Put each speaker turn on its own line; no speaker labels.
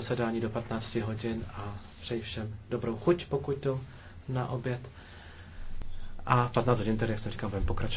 zasedání do 15 hodin a přeji všem dobrou chuť, pokud to na oběd.
A 15 hodin tedy, jak jsem říkal, budeme pokračovat.